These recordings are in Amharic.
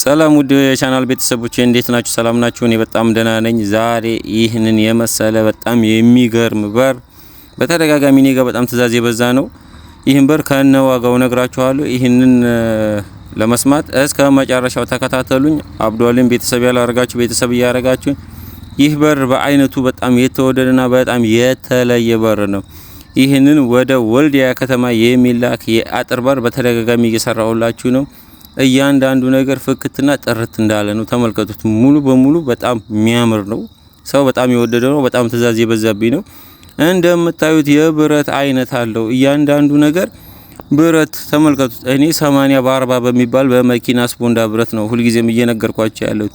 ሰላም ውድ የቻናል ቤተሰቦች እንዴት ናችሁ? ሰላም ናችሁ? እኔ በጣም ደህና ነኝ። ዛሬ ይህንን የመሰለ በጣም የሚገርም በር በተደጋጋሚ እኔ ጋር በጣም ትዕዛዝ የበዛ ነው። ይህን በር ከነ ዋጋው ነግራችኋለሁ። ይህንን ለመስማት እስከ መጨረሻው ተከታተሉኝ። አብዷልን ቤተሰብ ያላረጋችሁ ቤተሰብ እያረጋችሁ። ይህ በር በአይነቱ በጣም የተወደደና በጣም የተለየ በር ነው። ይህንን ወደ ወልዲያ ከተማ የሚላክ የአጥር በር በተደጋጋሚ እየሰራሁላችሁ ነው። እያንዳንዱ ነገር ፍክትና ጥርት እንዳለ ነው። ተመልከቱት። ሙሉ በሙሉ በጣም የሚያምር ነው። ሰው በጣም የወደደ ነው። በጣም ትእዛዝ የበዛብኝ ነው። እንደምታዩት የብረት አይነት አለው እያንዳንዱ ነገር ብረት ተመልከቱት። እኔ 80 በ40 በሚባል በመኪና ስፖንዳ ብረት ነው ሁልጊዜም እየነገርኳቸው ያለሁት።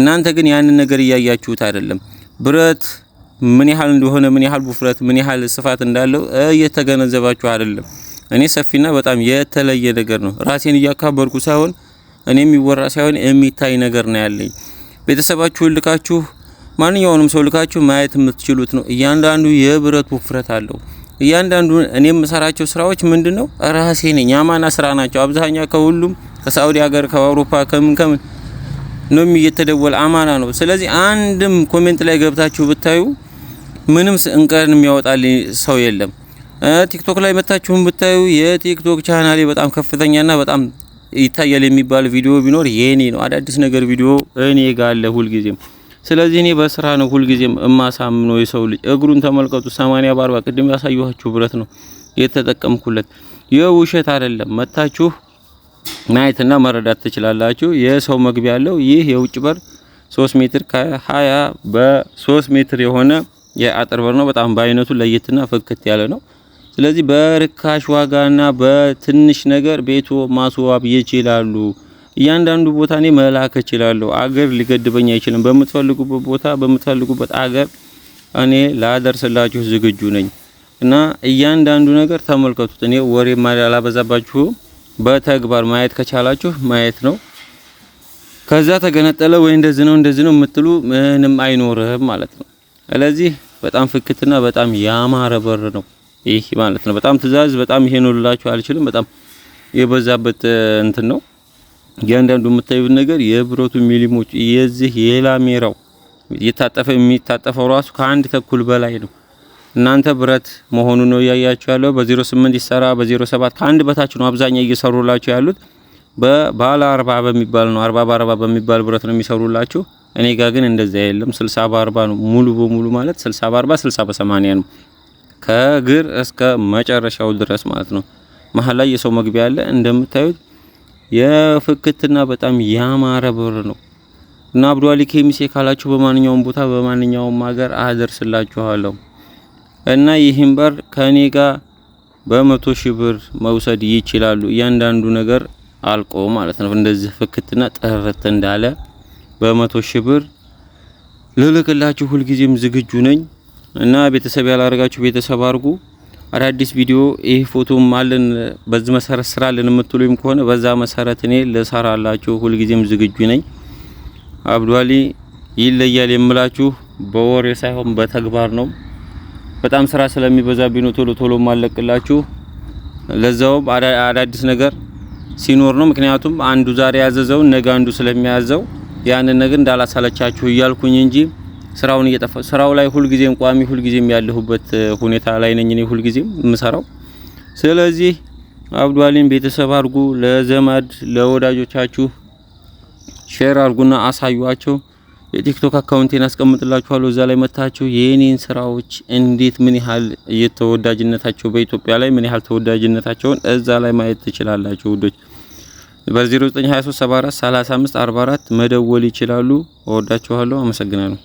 እናንተ ግን ያንን ነገር እያያችሁት አይደለም። ብረት ምን ያህል እንደሆነ ምን ያህል ውፍረት ምን ያህል ስፋት እንዳለው እየተገነዘባችሁ አይደለም። እኔ ሰፊና በጣም የተለየ ነገር ነው። ራሴን እያካበርኩ ሳይሆን እኔ የሚወራ ሳይሆን የሚታይ ነገር ነው ያለኝ። ቤተሰባችሁን ልካችሁ ማንኛውንም ሰው ልካችሁ ማየት የምትችሉት ነው። እያንዳንዱ የብረት ውፍረት አለው። እያንዳንዱ እኔ የምሰራቸው ስራዎች ምንድን ነው ራሴ ነኝ። ያማና ስራ ናቸው። አብዛኛ ከሁሉም ከሳውዲ ሀገር ከአውሮፓ ከምን ከምን ነው አማና ነው። ስለዚህ አንድም ኮሜንት ላይ ገብታችሁ ብታዩ ምንም እንቀን የሚያወጣልኝ ሰው የለም። ቲክቶክ ላይ መታችሁ ብታዩ የቲክቶክ ቻናሌ በጣም ከፍተኛና በጣም ይታያል የሚባል ቪዲዮ ቢኖር የኔ ነው። አዳዲስ ነገር ቪዲዮ እኔ ጋር አለ ሁልጊዜም። ስለዚህ እኔ በስራ ነው ሁልጊዜም እማሳምነው። የሰው ልጅ እግሩን ተመልከቱ። 80 በ40 ቅድም ያሳየኋችሁ ብረት ነው የተጠቀምኩለት። የውሸት አይደለም። መታችሁ ማየትና መረዳት ትችላላችሁ። የሰው መግቢያ ያለው ይህ የውጭ በር 3 ሜትር ከ20 በ3 ሜትር የሆነ የአጥር በር ነው። በጣም በአይነቱ ለየትና ፍክት ያለ ነው። ስለዚህ በርካሽ ዋጋና በትንሽ ነገር ቤቶ ማስዋብ ይችላሉ። እያንዳንዱ ቦታ እኔ መላክ እችላለሁ። አገር ሊገድበኝ አይችልም። በምትፈልጉበት ቦታ በምትፈልጉበት አገር እኔ ላደርስላችሁ ዝግጁ ነኝ እና እያንዳንዱ ነገር ተመልከቱት። እኔ ወሬ አላበዛባችሁ፣ በተግባር ማየት ከቻላችሁ ማየት ነው። ከዛ ተገነጠለ ወይ እንደዚህ ነው እንደዚህ ነው የምትሉ ምንም አይኖርህም ማለት ነው። ስለዚህ በጣም ፍክትና በጣም ያማረ በር ነው። ይህ ማለት ነው። በጣም ትእዛዝ በጣም ይሄ ነው ልላችሁ አልችልም። በጣም የበዛበት እንትን ነው። እያንዳንዱ የምታዩት ነገር የብረቱ ሚሊሞች የዚህ የላሜራው የታጠፈ የሚታጠፈው ራሱ ከአንድ ተኩል በላይ ነው። እናንተ ብረት መሆኑ ነው እያያችሁ ያለው። በ08 ይሰራ በ07 ከአንድ በታች ነው አብዛኛው እየሰሩላችሁ ያሉት። በባለ 40 በሚባል ነው 40 በ40 በሚባል ብረት ነው የሚሰሩላችሁ። እኔ ጋር ግን እንደዛ የለም። 60 በ40 ነው ሙሉ በሙሉ ማለት 60 በ40 60 በ80 ነው ከእግር እስከ መጨረሻው ድረስ ማለት ነው። መሀል ላይ የሰው መግቢያ አለ እንደምታዩት የፍክትና በጣም ያማረ በር ነው እና አብዱ አሊ ኬሚሴ ካላችሁ በማንኛውም ቦታ በማንኛውም ሀገር አደርስላችኋለሁ እና ይህን በር ከኔ ጋር በመቶ ሺህ ብር መውሰድ ይችላሉ። እያንዳንዱ ነገር አልቆ ማለት ነው። እንደዚህ ፍክትና ጥርት እንዳለ በመቶ ሺህ ብር ልልክላችሁ ሁልጊዜም ዝግጁ ነኝ። እና ቤተሰብ ያላረጋችሁ ቤተሰብ አድርጉ። አዳዲስ ቪዲዮ ይህ ፎቶም አለን በዚህ መሰረት ስራልን የምትሉኝ ከሆነ በዛ መሰረት እኔ ልሰራላችሁ ሁልጊዜም ዝግጁ ነኝ። አብዱአሊ ይለያል የምላችሁ በወሬ ሳይሆን በተግባር ነው። በጣም ስራ ስለሚበዛ ነው ቶሎ ቶሎ ማለቅላችሁ። ለዛውም አዳዲስ ነገር ሲኖር ነው። ምክንያቱም አንዱ ዛሬ ያዘዘው ነገ አንዱ ስለሚያዘው ያንን ነገር እንዳላሳለቻችሁ እያልኩኝ እንጂ ስራውን እየጠፋ ስራው ላይ ሁልጊዜም ቋሚ ሁልጊዜም ያለሁበት ሁኔታ ላይ ነኝ እኔ ሁልጊዜም የምሰራው። ስለዚህ አብዱ አሊን ቤተሰብ አድርጉ፣ ለዘመድ ለወዳጆቻችሁ ሼር አድርጉና አሳዩዋቸው። የቲክቶክ አካውንቴን አስቀምጥላችኋለሁ። እዛ ላይ መታችሁ የኔን ስራዎች እንዴት ምን ያህል የተወዳጅነታቸው በኢትዮጵያ ላይ ምን ያህል ተወዳጅነታቸውን እዛ ላይ ማየት ትችላላችሁ ውዶች። በ0923 44 መደወል ይችላሉ። እወዳችኋለሁ። አመሰግናለሁ።